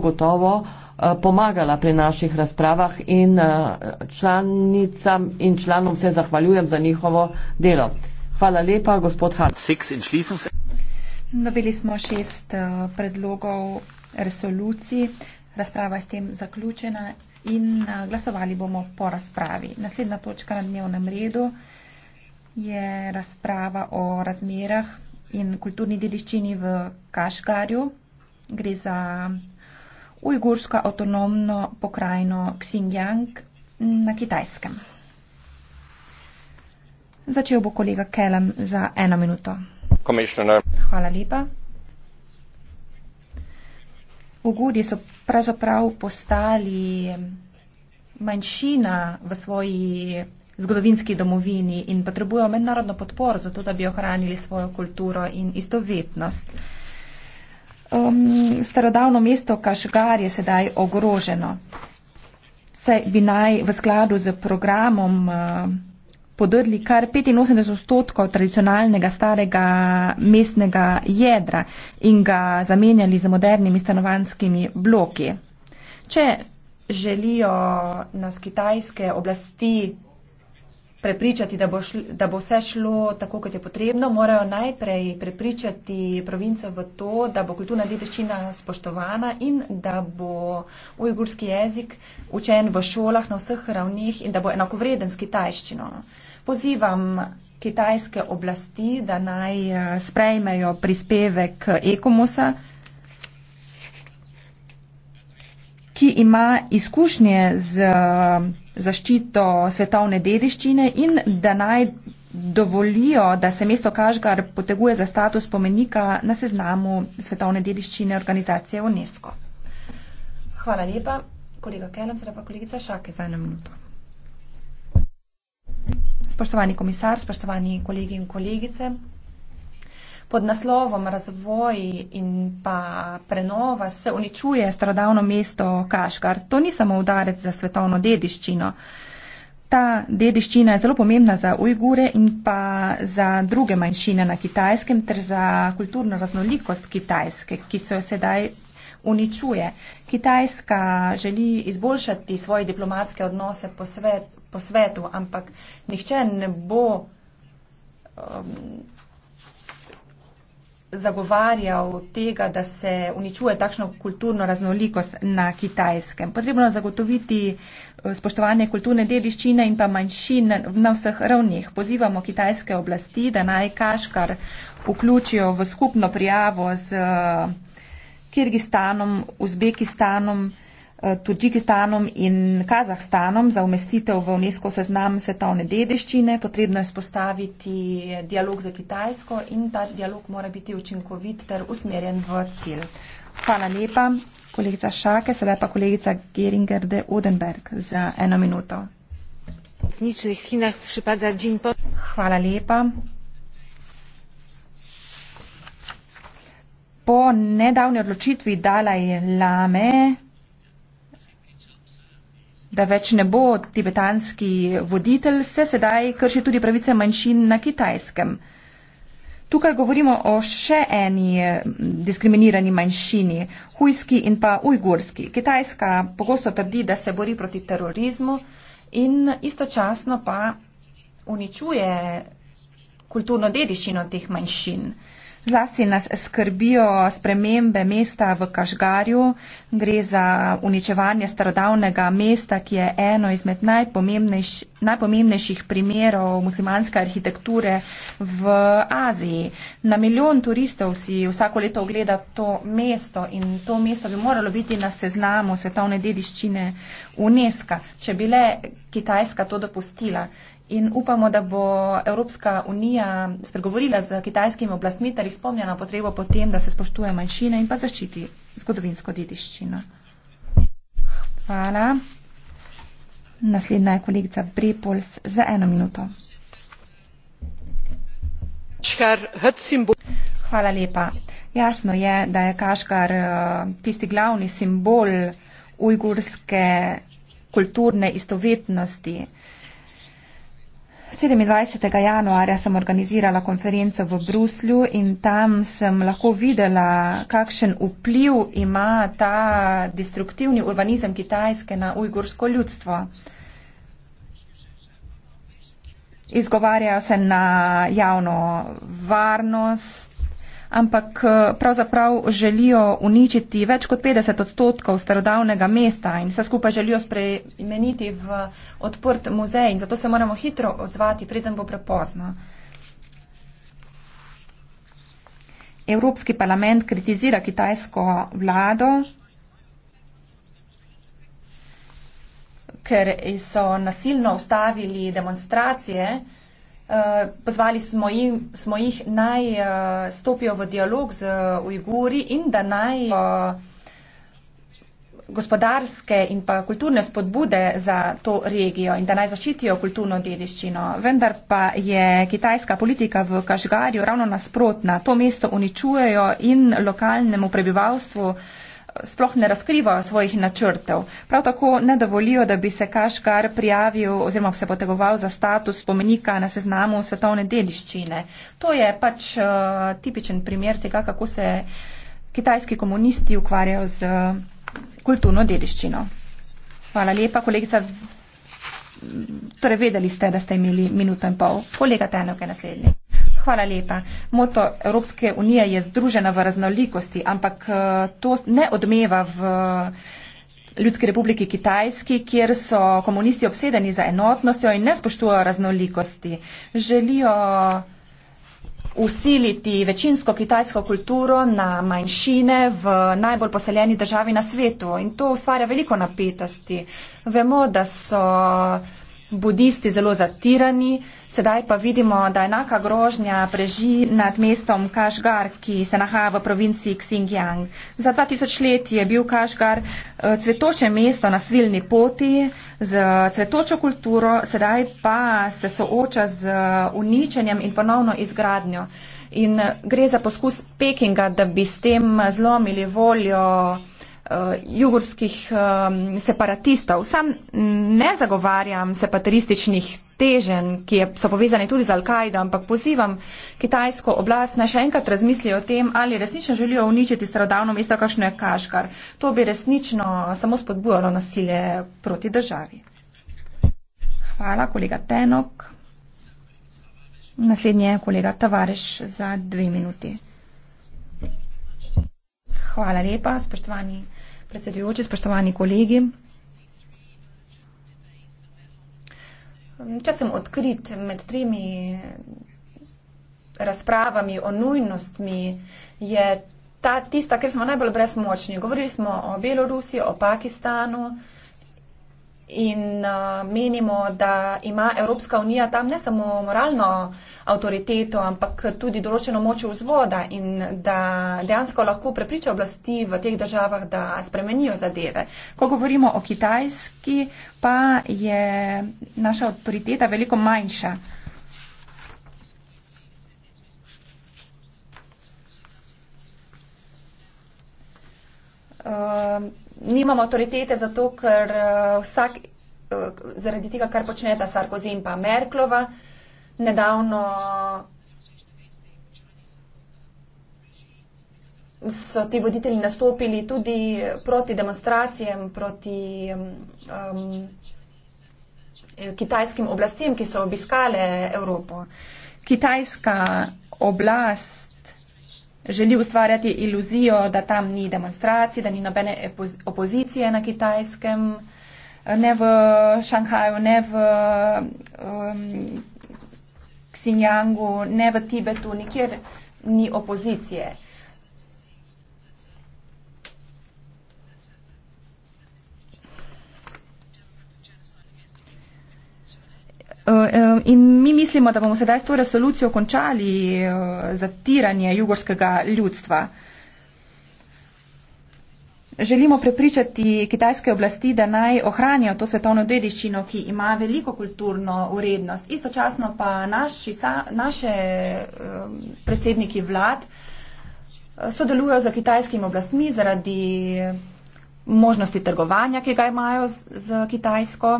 gotovo eh, pomagala pri naših razpravah in eh, članicam in članom se zahvaljujem za njihovo delo. Hvala lepa, gospod Hart. Dobili smo šest eh, predlogov resolucij. Razprava je s tem zaključena in glasovali bomo po razpravi. Naslednja točka na dnevnem redu je razprava o razmerah in kulturni dediščini v Kašgarju. Gre za ujgursko avtonomno pokrajino Xinjiang na Kitajskem. Začel bo kolega Kelem za eno minuto. Hvala lepa. Ugudi so pravzaprav postali manjšina v svoji zgodovinski domovini in potrebujejo mednarodno podporo, zato da bi ohranili svojo kulturo in istovetnost um, starodavno mesto Kašgar je sedaj ogroženo. Saj bi naj v skladu z programom uh, podrli kar 85 odstotkov tradicionalnega starega mestnega jedra in ga zamenjali z modernimi stanovanskimi bloki. Če želijo nas kitajske oblasti prepričati, da bo, šl, da bo vse šlo tako, kot je potrebno, morajo najprej prepričati provinco v to, da bo kulturna dediščina spoštovana in da bo ujgurski jezik učen v šolah na vseh ravneh in da bo enakovreden s kitajščino. Pozivam kitajske oblasti, da naj eh, sprejmejo prispevek Ekomusa, ki ima izkušnje z zaščito svetovne dediščine in da naj dovolijo, da se mesto Kažgar poteguje za status spomenika na seznamu svetovne dediščine organizacije UNESCO. Hvala lepa. Kolega Kenov, zdaj pa kolegica Šake za eno minuto. Spoštovani komisar, spoštovani kolegi in kolegice, pod naslovom Razvoj in pa prenova se uničuje stradavno mesto Kaškar. To ni samo udarec za svetovno dediščino. Ta dediščina je zelo pomembna za Ujgure in pa za druge manjšine na kitajskem ter za kulturno raznolikost kitajske, ki se jo sedaj uničuje. Kitajska želi izboljšati svoje diplomatske odnose po, svet, po svetu, ampak nihče ne bo. Um, zagovarjal tega, da se uničuje takšno kulturno raznolikost na kitajskem. Potrebno je zagotoviti eh, spoštovanje kulturne dediščine in pa manjšin na vseh ravnih. Pozivamo kitajske oblasti, da naj Kaškar vključijo v skupno prijavo z eh, Kirgistanom, Uzbekistanom. Eh, Tudžikistanom in Kazahstanom za umestitev v UNESCO seznam svetovne dediščine. Potrebno je spostaviti dialog za Kitajsko in ta dialog mora biti učinkovit ter usmerjen v cilj. Hvala lepa, kolegica Šake, sedaj pa kolegica Geringer de Odenberg za eno minuto. Hvala lepa. Po nedavni odločitvi Dalaj Lame da več ne bo tibetanski voditelj, se sedaj krši tudi pravice manjšin na kitajskem. Tukaj govorimo o še eni eh, diskriminirani manjšini, hujski in pa ujgurski. Kitajska pogosto trdi, da se bori proti terorizmu in istočasno pa uničuje kulturno dediščino teh manjšin. Zlasti nas skrbijo spremembe mesta v Kažgarju. Gre za uničevanje starodavnega mesta, ki je eno izmed najpomembnejš, najpomembnejših primerov muslimanske arhitekture v Aziji. Na milijon turistov si vsako leto ogleda to mesto in to mesto bi moralo biti na seznamu svetovne dediščine UNESCO, če bi le Kitajska to dopustila in upamo, da bo Evropska unija spregovorila z kitajskimi oblastmi ter izpomnjena potrebo potem, da se spoštuje manjšine in pa zaščiti zgodovinsko dediščino. Hvala. Naslednja je kolegica Brepols za eno minuto. Hvala lepa. Jasno je, da je Kaškar eh, tisti glavni simbol ujgurske kulturne istovetnosti. 27. januarja sem organizirala konferenco v Bruslju in tam sem lahko videla, kakšen vpliv ima ta destruktivni urbanizem Kitajske na ujgursko ljudstvo. Izgovarjajo se na javno varnost, ampak eh, pravzaprav želijo uničiti več kot 50 odstotkov starodavnega mesta in vse skupaj želijo spremeniti v odprt muzej in zato se moramo hitro odzvati, preden bo prepozno. Evropski parlament kritizira kitajsko vlado, ker so nasilno ustavili demonstracije, Eh, pozvali smo jih, smo jih naj uh, stopijo v dialog z Ujguri in da naj uh, gospodarske in pa kulturne spodbude za to regijo in da naj zaščitijo kulturno dediščino. Vendar pa je kitajska politika v Kašgarju ravno nasprotna. To mesto uničujejo in lokalnemu prebivalstvu uh, sploh ne razkrivajo svojih načrtev. Prav tako ne dovolijo, da bi se Kaškar prijavil oziroma se potegoval za status spomenika na seznamu svetovne dediščine. To je pač uh, tipičen primer tega, kako se kitajski komunisti ukvarjajo z eh, kulturno dediščino. Hvala lepa, kolegica. Torej, vedeli ste, da ste imeli minuto in pol. Kolega Tenok je naslednji. Hvala lepa. Moto Evropske unije je združena v raznolikosti, ampak eh, to ne odmeva v Ljudski republiki Kitajski, kjer so komunisti obsedeni za enotnostjo in ne spoštujo raznolikosti. Želijo usiliti večinsko kitajsko kulturo na manjšine v najbolj poseljeni državi na svetu in to ustvarja veliko napetosti. Vemo, da so budisti zelo zatirani, sedaj pa vidimo, da enaka grožnja preži nad mestom Kašgar, ki se nahaja v provinciji Xinjiang. Za 2000 let je bil Kašgar eh, cvetoče mesto na svilni poti z cvetočo kulturo, sedaj pa se sooča z eh, uničenjem in ponovno izgradnjo. In eh, gre za poskus Pekinga, da bi s tem zlomili voljo uh, jugurskih um, separatistov. Sam ne zagovarjam separatističnih teženj, ki je, so povezane tudi z Al-Kaido, ampak pozivam kitajsko oblast naj še enkrat razmisli o tem, ali resnično želijo uničiti starodavno mesto, kakšno je Kaškar. To bi resnično samo spodbujalo nasilje proti državi. Hvala, kolega Tenok. Naslednji je kolega Tavareš za dve minuti. Hvala lepa, spoštovani predsedujoči, spoštovani kolegi. Če sem odkrit med tremi razpravami o nujnostmi, je ta tista, kjer smo najbolj brezmočni. Govorili smo o Belorusiji, o Pakistanu, in uh, menimo, da ima Evropska unija tam ne samo moralno avtoriteto, ampak tudi določeno moč vzvoda in da dejansko lahko prepriča oblasti v teh državah, da spremenijo zadeve. Ko govorimo o Kitajski, pa je naša avtoriteta veliko manjša. Uh, nimamo avtoritete zato, ker eh, vsak eh, zaradi tega, kar počneta Sarkozy in pa Merklova, nedavno so ti voditelji nastopili tudi proti demonstracijam, proti um, kitajskim oblastem, ki so obiskale Evropo. Kitajska oblast želi ustvarjati iluzijo, da tam ni demonstracij, da ni nobene opozicije na kitajskem, ne v Šanghaju, ne v um, Xinjiangu, ne v Tibetu, nikjer ni opozicije. Eh, in mi mislimo, da bomo sedaj s to resolucijo končali eh, zatiranje jugorskega ljudstva. Želimo prepričati kitajske oblasti, da naj ohranijo to svetovno dediščino, ki ima veliko kulturno urednost. Istočasno pa naši, sa, naše predsedniki vlad eh, sodelujo za kitajskimi oblastmi zaradi možnosti trgovanja, ki ga imajo z, z kitajsko.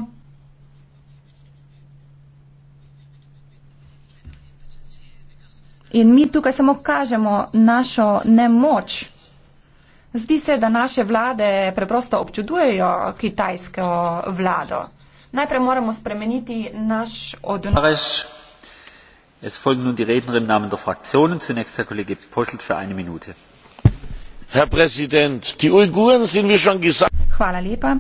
In mi tukaj samo kažemo našo nemoč. Zdi se, da naše vlade preprosto občudujejo kitajsko vlado. Najprej moramo spremeniti naš odnos. Es folgen nun die Rednerin im Namen der Fraktionen. Zunächst Herr Kollege Posselt für eine Minute. Herr Präsident, die Uiguren sind wie schon gesagt. Hvala lepa.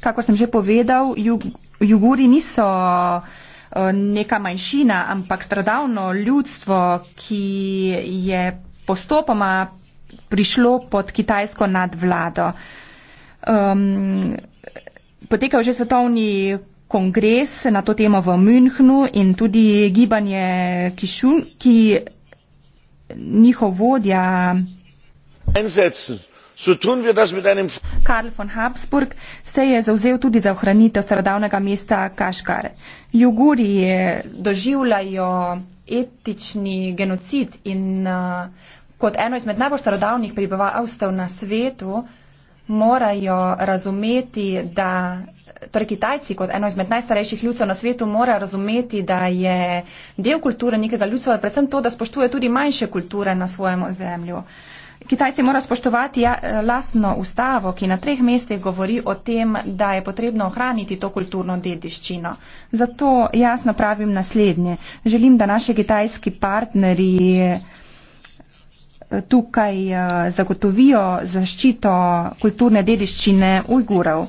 Kako sem že povedal, Jug Juguri niso äh, Eh, neka manjšina, ampak stradavno ljudstvo, ki je postopoma prišlo pod kitajsko nadvlado. Um, potekal je že svetovni kongres na to temo v Münchnu in tudi gibanje Kišun, ki njihov vodja. Einsetzen so tun wir das mit einem. Karl von Habsburg se je zauzel tudi za ohranitev starodavnega mesta Kaškar. Juguri doživljajo etični genocid in uh, kot eno izmed najbolj starodavnih prebivalstev na svetu morajo razumeti, da torej Kitajci kot eno izmed najstarejših ljudstev na svetu morajo razumeti, da je del kulture nekega ljudstva predvsem to, da spoštuje tudi manjše kulture na svojem ozemlju. Uh, Kitajci morajo spoštovati ja, eh, lastno ustavo, ki na treh mestih govori o tem, da je potrebno ohraniti to kulturno dediščino. Zato jasno pravim naslednje. Želim, da naši kitajski partnerji eh, tukaj eh, zagotovijo zaščito kulturne dediščine Ujgurov.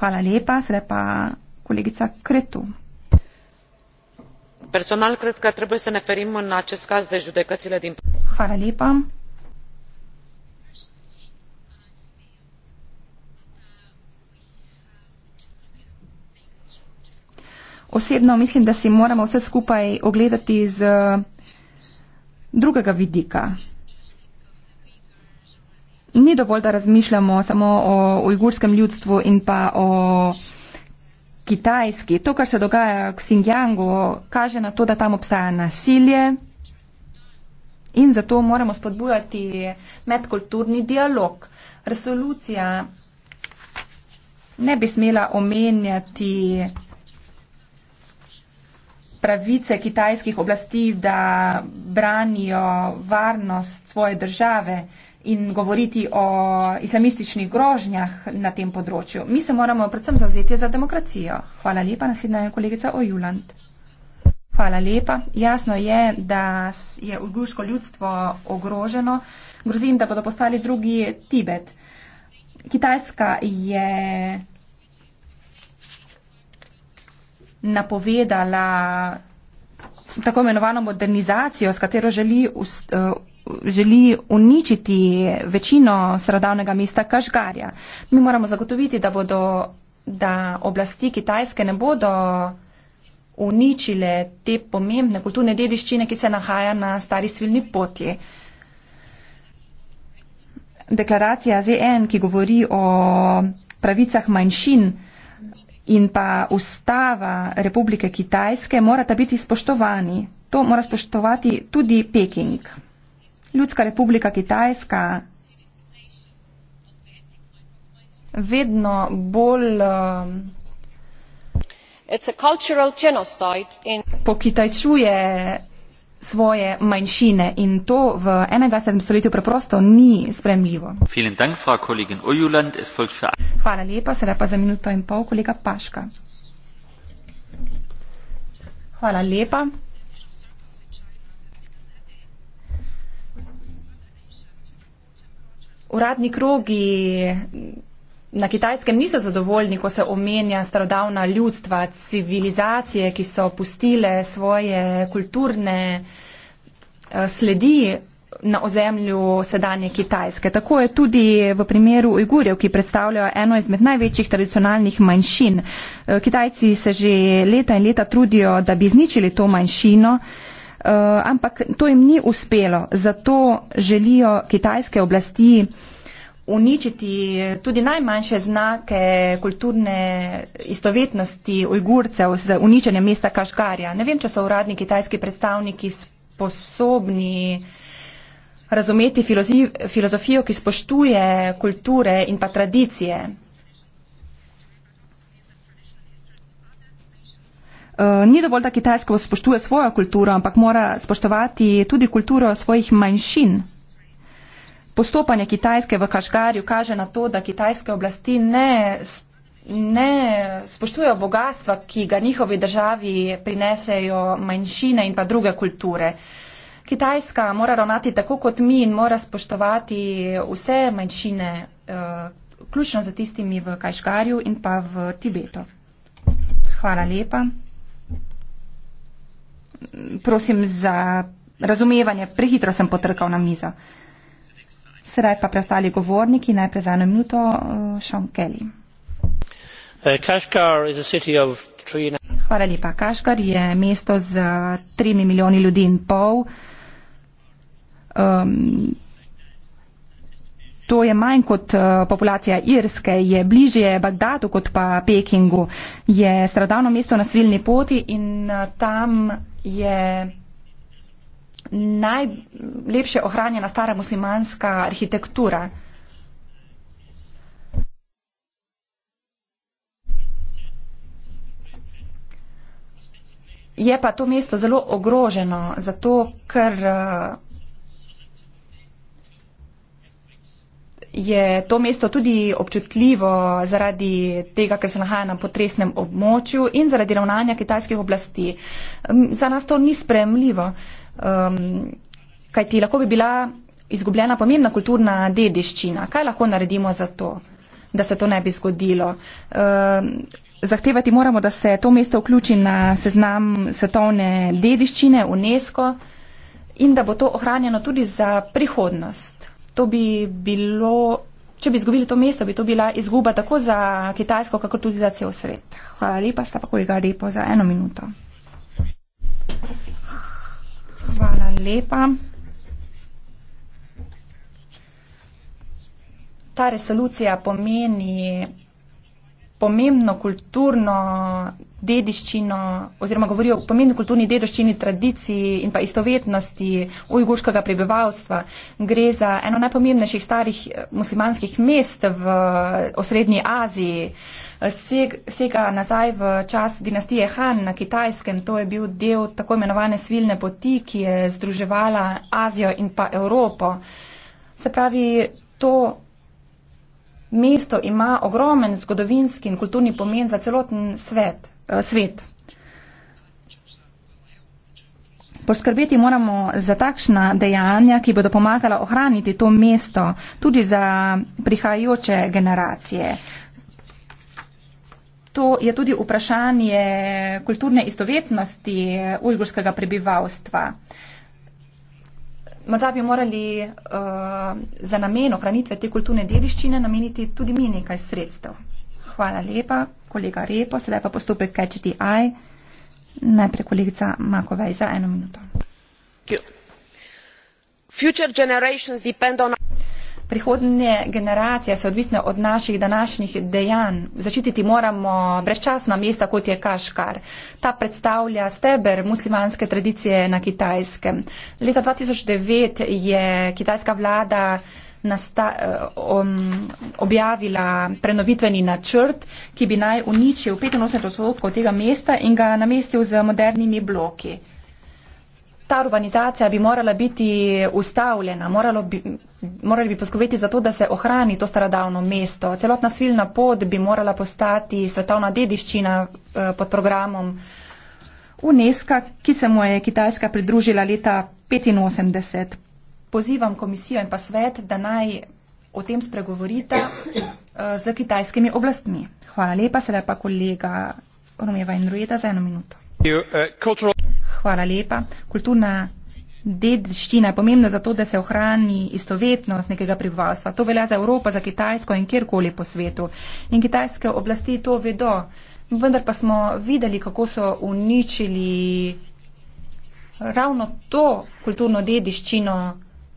Hvala lepa, sedaj pa kolegica Kretu. Personal, cred că trebuie să ne ferim în acest caz de judecățile din. Hvala lepa. osebno mislim, da si moramo vse skupaj ogledati z drugega vidika. Ni dovolj, da razmišljamo samo o ujgurskem ljudstvu in pa o Kitajski. To, kar se dogaja v Xinjiangu, kaže na to, da tam obstaja nasilje in zato moramo spodbujati medkulturni dialog. Resolucija ne bi smela omenjati pravice kitajskih oblasti, da branijo varnost svoje države in govoriti o islamističnih grožnjah na tem področju. Mi se moramo predvsem zavzeti za demokracijo. Hvala lepa, naslednja je kolegica Ojuland. Hvala lepa. Jasno je, da je ujguško ljudstvo ogroženo. Grozim, da bodo postali drugi Tibet. Kitajska je napovedala tako imenovano modernizacijo, s katero želi, uh, želi uničiti večino sredavnega mesta Kašgarja. Mi moramo zagotoviti, da, bodo, da oblasti Kitajske ne bodo uničile te pomembne kulturne dediščine, ki se nahaja na stari svilni poti. Deklaracija ZN, ki govori o pravicah manjšin, in pa ustava Republike Kitajske morata biti spoštovani. To mora spoštovati tudi Peking. Ljudska republika Kitajska vedno bolj uh, It's a cultural genocide in... po kitajčuje svoje manjšine in to v 21. stoletju preprosto ni spremljivo. Hvala lepa, sedaj pa za minuto in pol kolega Paška. Hvala lepa. Uradni krogi Na kitajskem niso zadovoljni, ko se omenja starodavna ljudstva, civilizacije, ki so pustile svoje kulturne eh, sledi na ozemlju sedanje Kitajske. Tako je tudi v primeru Ujgurjev, ki predstavljajo eno izmed največjih tradicionalnih manjšin. Eh, Kitajci se že leta in leta trudijo, da bi izničili to manjšino. Uh, ampak to jim ni uspelo, zato želijo kitajske oblasti uh, uničiti tudi najmanjše znake kulturne istovetnosti ujgurcev z uničenjem mesta Kašgarja. Ne vem, če so uradni kitajski predstavniki sposobni razumeti filozofijo, ki spoštuje kulture in pa tradicije. Eh, ni dovolj, da Kitajska spoštuje svojo kulturo, ampak mora spoštovati tudi kulturo svojih manjšin. Postopanje Kitajske v Kašgarju kaže na to, da kitajske oblasti ne, ne spoštujejo bogatstva, ki ga njihovi državi prinesejo manjšine in pa druge kulture. Kitajska mora ravnati tako kot mi in mora spoštovati vse manjšine, eh, ključno za tistimi v Kašgarju in pa v Tibetu. Hvala lepa. Prosim za razumevanje, prehitro sem potrkal na mizo. Sedaj pa preostali govorniki, najprej za eno minuto, eh, Sean Kelly. Eh, Hvala lepa. Kaškar je mesto z tremi milijoni ljudi in pol. Um, to je manj kot uh, populacija Irske, je bližje Bagdadu kot pa Pekingu. Je stradavno mesto na svilni poti in uh, tam je najlepše ohranjena stara muslimanska arhitektura. Je pa to mesto zelo ogroženo, zato ker eh, je to mesto tudi občutljivo zaradi tega, ker se nahaja na potresnem območju in zaradi ravnanja kitajskih oblasti. Za nas to ni spremljivo um, kajti lahko bi bila izgubljena pomembna kulturna dediščina. Kaj lahko naredimo za to, da se to ne bi zgodilo? Um, zahtevati moramo, da se to mesto vključi na seznam svetovne dediščine UNESCO in da bo to ohranjeno tudi za prihodnost. To bi bilo. Če bi izgubili to mesto, bi to bila izguba tako za Kitajsko, kakor tudi za cel svet. Hvala lepa, sta pa kolega, lepo za eno minuto. Hvala lepa. Ta resolucija pomeni pomembno kulturno dediščino oziroma govorijo o pomembni kulturni dediščini, tradiciji in pa istovetnosti ujgurškega prebivalstva. Gre za eno najpomembnejših starih eh, muslimanskih mest v eh, osrednji Aziji. Eh, sega nazaj v čas dinastije Han na Kitajskem, to je bil del tako imenovane svilne poti, ki je združevala Azijo in pa Evropo. Se pravi, to mesto ima ogromen zgodovinski in kulturni pomen za celoten svet, eh, svet. Poskrbeti moramo za takšna dejanja, ki bodo pomagala ohraniti to mesto tudi za prihajajoče generacije. To je tudi vprašanje kulturne istovetnosti ujgurskega prebivalstva. Uh, morda bi morali uh, za namen ohranitve te kulturne dediščine nameniti tudi mi nekaj sredstev. Hvala lepa, kolega Repo, sedaj pa postopek KGTI. Najprej kolegica Makovej za eno minuto. Future generations depend on Prihodnje generacije so odvisne od naših današnjih dejanj. Začititi moramo brezčasna mesta, kot je Kaškar. Ta predstavlja steber muslimanske tradicije na Kitajskem. Leta 2009 je kitajska vlada nasta, um, objavila prenovitveni načrt, ki bi naj uničil 85 odstotkov tega mesta in ga namestil z modernimi bloki ta urbanizacija bi morala biti ustavljena, bi, morali bi poskoviti za to, da se ohrani to starodavno mesto. Celotna svilna pot bi morala postati svetovna dediščina eh, pod programom UNESCO, ki se mu je Kitajska pridružila leta 1985. Pozivam komisijo in pa svet, da naj o tem spregovorite eh, z kitajskimi oblastmi. Hvala lepa, sedaj pa kolega Romeva Indrujeta za eno minuto. You, uh, cultural hvala lepa. Kulturna dediščina je pomembna zato, da se ohrani istovetnost nekega prebivalstva. To velja za Evropo, za Kitajsko in kjerkoli po svetu. In kitajske oblasti to vedo. Vendar pa smo videli, kako so uničili ravno to kulturno dediščino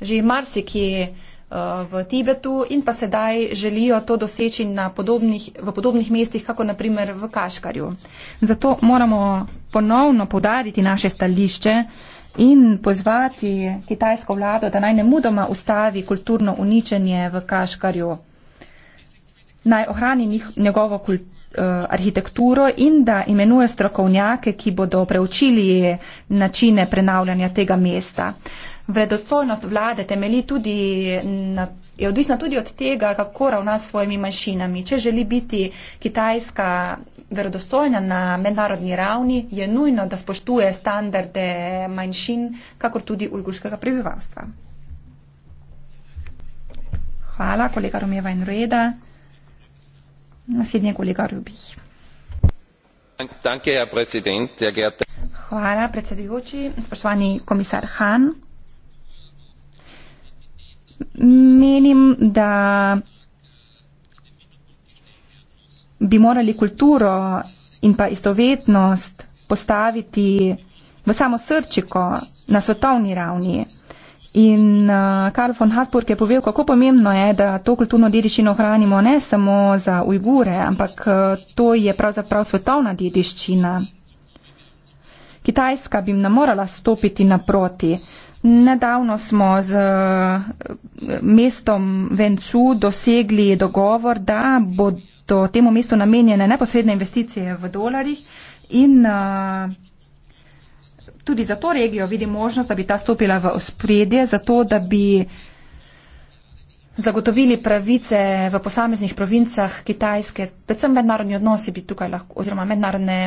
že marsikje. Eh, v Tibetu in pa sedaj želijo to doseči podobnih, v podobnih mestih, kako naprimer v Kaškarju. Zato moramo ponovno podariti naše stališče in pozvati kitajsko vlado, da naj ne mudoma ustavi kulturno uničenje v Kaškarju, naj ohrani njih, njegovo kulturo eh, arhitekturo in da imenuje strokovnjake, ki bodo preučili načine prenavljanja tega mesta vredostojnost vlade temelji tudi na. Je odvisna tudi od tega, kako ravna s svojimi manjšinami. Če želi biti Kitajska verodostojna na mednarodni ravni, je nujno, da spoštuje standarde manjšin, kakor tudi ujgurskega prebivalstva. Hvala, kolega Romeva in Rueda. Naslednji je kolega Rubih. Hvala, predsedujoči. Spoštovani komisar Han menim, da bi morali kulturo in pa istovetnost postaviti v samo srčiko na svetovni ravni. In uh, Karl von Hasburg je povedal, kako pomembno je, da to kulturno dediščino ohranimo ne samo za Ujgure, ampak uh, to je pravzaprav svetovna dediščina. Kitajska bi nam morala stopiti naproti. Uh, Nedavno smo z eh, mestom Vencu dosegli dogovor, da bodo temu mestu namenjene neposredne investicije v dolarjih in eh, tudi za to regijo vidim možnost, da bi ta stopila v ospredje, zato da bi zagotovili pravice v posameznih provincah Kitajske, predvsem mednarodni odnosi bi tukaj lahko, oziroma mednarodne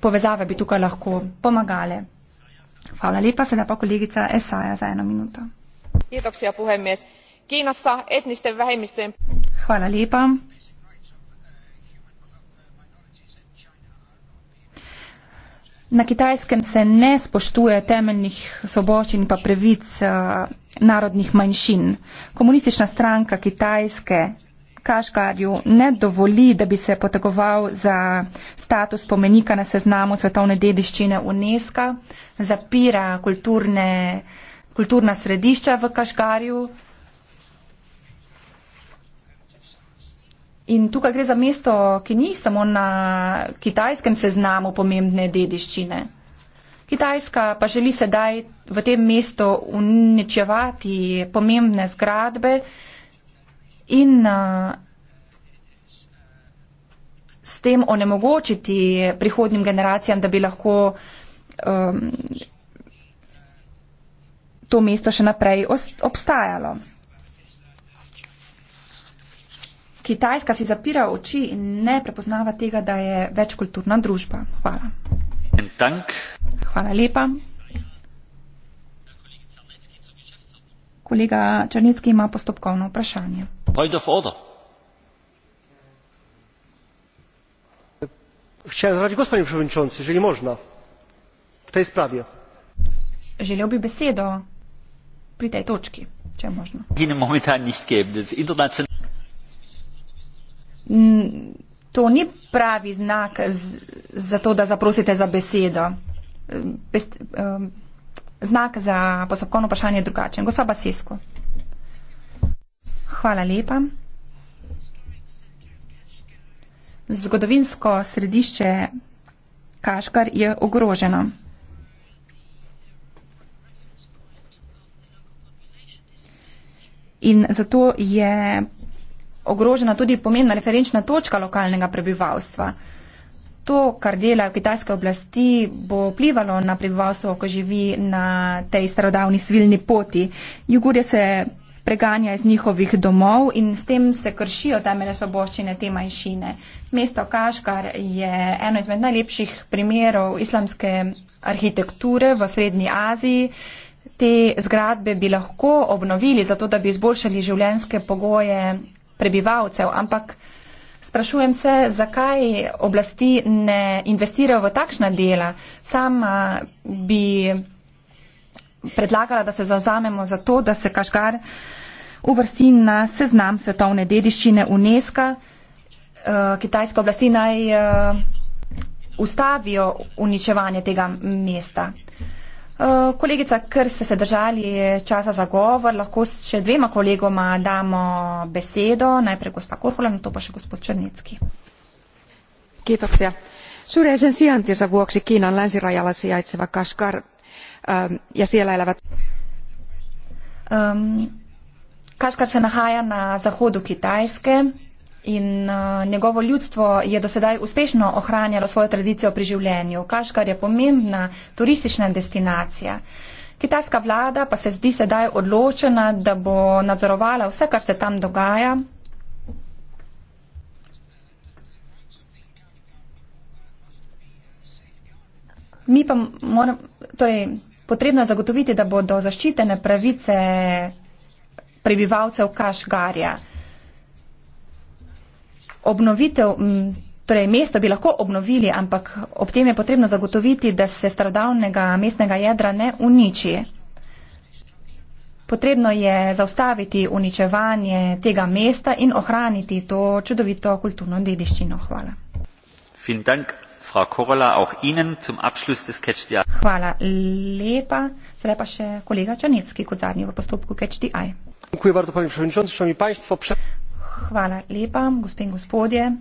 povezave bi tukaj lahko pomagale. Hvala lepa, sedaj pa kolegica Esaja za eno minuto. Hvala lepa. Na kitajskem se ne spoštuje temeljnih soboščin pa pravic uh, narodnih manjšin. Komunistična stranka Kitajske Kaškarju ne dovoli, da bi se potegoval za status spomenika na seznamu svetovne dediščine UNESCO, zapira kulturne, kulturna središča v Kaškarju. In tukaj gre za mesto, ki ni samo na kitajskem seznamu pomembne dediščine. Kitajska pa želi sedaj v tem mestu uničevati pomembne zgradbe, in eh, s tem onemogočiti prihodnim generacijam, da bi lahko ehm, to mesto še naprej obstajalo. Kitajska si zapira oči in ne prepoznava tega, da je večkulturna družba. Hvala. Hvala lepa. Kolega Črnitski ima postopkovno vprašanje chciałem zabrać głos panie przewodniczący jeżeli można w tej sprawie. želel bi besedo pri tej točki če je možno. Mm, to ni pravi znak za to da zaprosite za besedo Bez, um, znak za postopkovno vprašanje je drugačen gospa basesko. Hvala lepa. Zgodovinsko središče Kaškar je ogroženo. In zato je ogrožena tudi pomembna referenčna točka lokalnega prebivalstva. To, kar delajo kitajske oblasti, bo vplivalo na prebivalstvo, ko živi na tej starodavni svilni poti. Jugurje se preganja iz njihovih domov in s tem se kršijo temelje svoboščine te manjšine. Mesto Kaškar je eno izmed najlepših primerov islamske arhitekture v Srednji Aziji. Te zgradbe bi lahko obnovili, zato da bi izboljšali življenjske pogoje prebivalcev, ampak sprašujem se, zakaj oblasti ne investirajo v takšna dela. Sama bi predlagala, da se zauzamemo za to, da se Kašgar uvrsti na seznam svetovne dediščine UNESCO. Eh, kitajske oblasti naj eh, ustavijo uničevanje tega mesta. Eh, kolegica, ker ste se držali časa za govor, lahko še dvema kolegoma damo besedo, najprej gospa Kurhula, nato pa še gospod Črnecki. Kitoksija. Suuren sen sijaintinsa vuoksi Kiinan länsirajalla sijaitseva Kashgar Ähm, ja siellä elävät. Um, Kaškar se nahaja na zahodu Kitajske in uh, njegovo ljudstvo je do sedaj uspešno ohranjalo svojo tradicijo pri življenju. Kaškar je pomembna turistična destinacija. Kitajska vlada pa se zdi sedaj odločena, da bo nadzorovala vse, kar se tam dogaja. Mi pa moramo, torej, potrebno zagotoviti, da bodo zaščitene pravice prebivalcev Kašgarja. Obnovitev, torej mesto bi lahko obnovili, ampak ob tem je potrebno zagotoviti, da se starodavnega mestnega jedra ne uniči. Potrebno je zaustaviti uničevanje tega mesta in ohraniti to čudovito kulturno dediščino. Hvala. Vielen Dank. Frau Korola, auch Ihnen zum Abschluss des Catch the Eye. Hvala lepa. Sedaj pa še kolega Črnecki kot zadnji v postopku Catch the Eye. Dziękuję bardzo, panie przewodniczący, szanowni państwo. Prze... Hvala lepa, gospe in gospodje.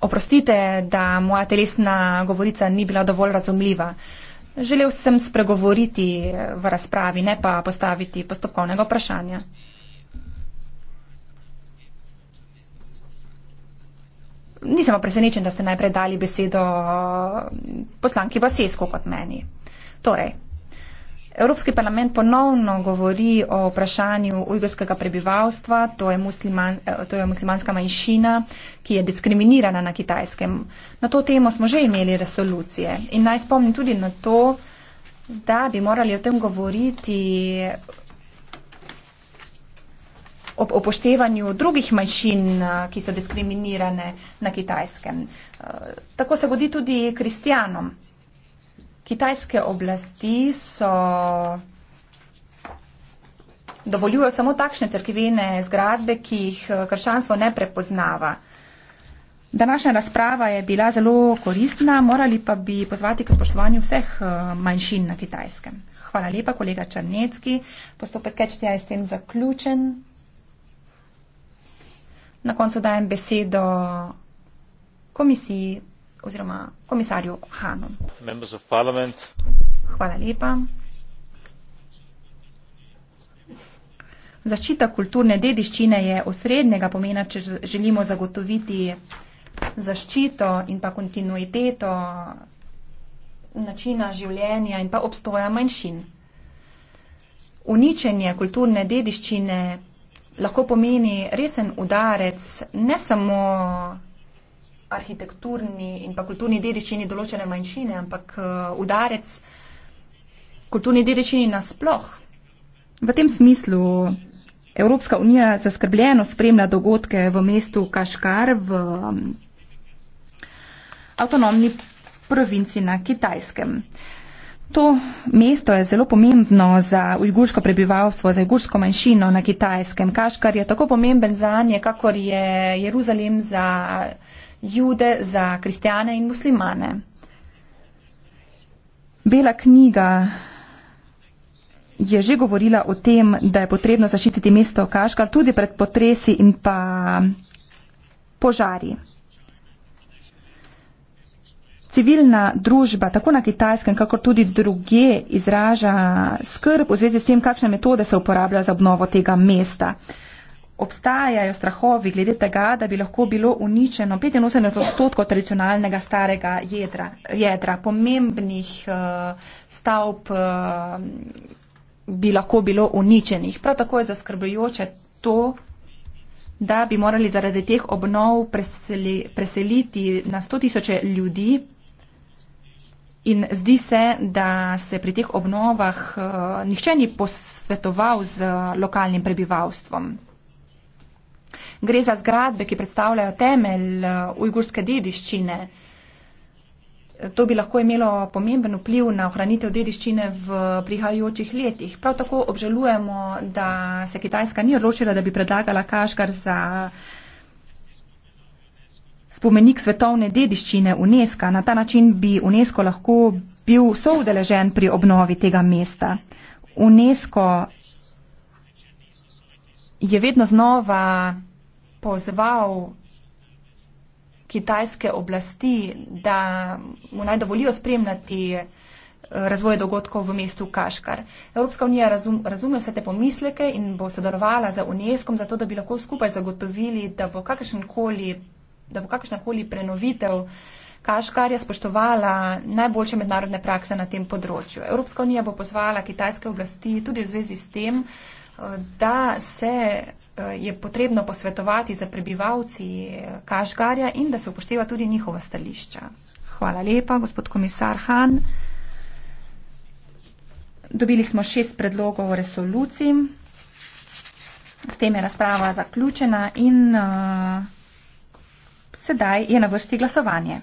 Oprostite, da moja telesna govorica ni bila dovolj razumljiva. Želel sem spregovoriti v razpravi, ne pa postaviti postopkovnega vprašanja. nisem presenečen, da ste najprej dali besedo mm, poslanki Vasesko kot meni. Torej, Evropski parlament ponovno govori o vprašanju ujgorskega prebivalstva, to je, musliman, eh, to je muslimanska manjšina, ki je diskriminirana na kitajskem. Na to temo smo že imeli resolucije in naj spomnim tudi na to, da bi morali o tem govoriti ob upoštevanju drugih manjšin, eh, ki so diskriminirane na kitajskem. Eh, tako se godi tudi kristijanom. Kitajske oblasti so dovoljujo samo takšne crkvene zgradbe, ki jih eh, krščanstvo ne prepoznava. Današnja razprava je bila zelo koristna, morali pa bi pozvati k spoštovanju vseh manjšin na kitajskem. Hvala lepa, kolega Črnecki. Postopek KEČTIA je s tem zaključen. Na koncu dajem besedo komisiji oziroma komisarju Hanu. Hvala lepa. Zaščita kulturne dediščine je osrednjega pomena, če želimo zagotoviti zaščito in pa kontinuiteto načina življenja in pa obstoja manjšin. Uničenje kulturne dediščine lahko pomeni resen udarec ne samo arhitekturni in pa kulturni dediščini določene manjšine, ampak eh, udarec kulturni dediščini nasploh. V tem smislu Evropska unija zaskrbljeno spremlja dogodke v mestu Kaškar v avtonomni provinci na Kitajskem. To mesto je zelo pomembno za ujgursko prebivalstvo, za ujgursko manjšino na kitajskem. Kaškar je tako pomemben za nje, kakor je Jeruzalem za jude, za kristijane in muslimane. Bela knjiga je že govorila o tem, da je potrebno zaščititi mesto Kaškar tudi pred potresi in pa požari civilna družba tako na kitajskem, kakor tudi druge izraža skrb v zvezi s tem, kakšne metode se uporablja za obnovo tega mesta. Obstajajo strahovi glede tega, da bi lahko bilo uničeno 85 odstotkov tradicionalnega starega jedra, jedra pomembnih uh, stavb uh, bi lahko bilo uničenih. Prav tako je zaskrbljujoče to, da bi morali zaradi teh obnov preseli, preseliti na 100 tisoče ljudi, In zdi se, da se pri teh obnovah eh, nihče ni posvetoval z lokalnim prebivalstvom. Gre za zgradbe, ki predstavljajo temelj eh, ujgurske dediščine. To bi lahko imelo pomemben vpliv na ohranitev dediščine v prihajajočih letih. Prav tako obžalujemo, da se Kitajska ni odločila, da bi predlagala kaškar za uh, spomenik svetovne dediščine UNESCO. Na ta način bi UNESCO lahko bil soudeležen pri obnovi tega mesta. UNESCO je vedno znova pozval kitajske oblasti, da mu naj dovolijo spremljati eh, razvoj dogodkov v mestu Kaškar. Evropska unija razum, razume vse te pomisleke in bo sodelovala za UNESCO, zato da bi lahko skupaj zagotovili, da bo kakršenkoli da bo kakršnakoli prenovitev Kaškarja spoštovala najboljše mednarodne prakse na tem področju. Evropska unija bo pozvala kitajske oblasti tudi v zvezi s tem, eh, da se eh, je potrebno posvetovati za prebivalci eh, Kaškarja in da se upošteva tudi njihova stališča. Hvala lepa, gospod komisar Han. Dobili smo šest predlogov v resoluciji. S tem je razprava zaključena in uh, sedaj je na vrsti glasovanje